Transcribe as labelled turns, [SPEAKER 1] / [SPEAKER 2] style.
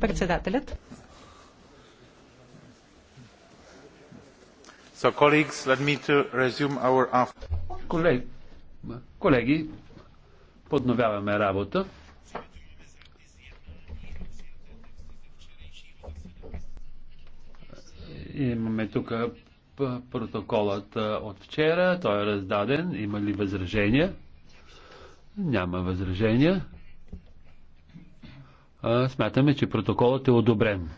[SPEAKER 1] Председателят.
[SPEAKER 2] So, colleagues, let me to resume our after...
[SPEAKER 3] Колеги, колеги, подновяваме работа. Имаме тук протоколът от вчера. Той е раздаден. Има ли възражения? Няма възражения. Смятаме, че протоколът е одобрен.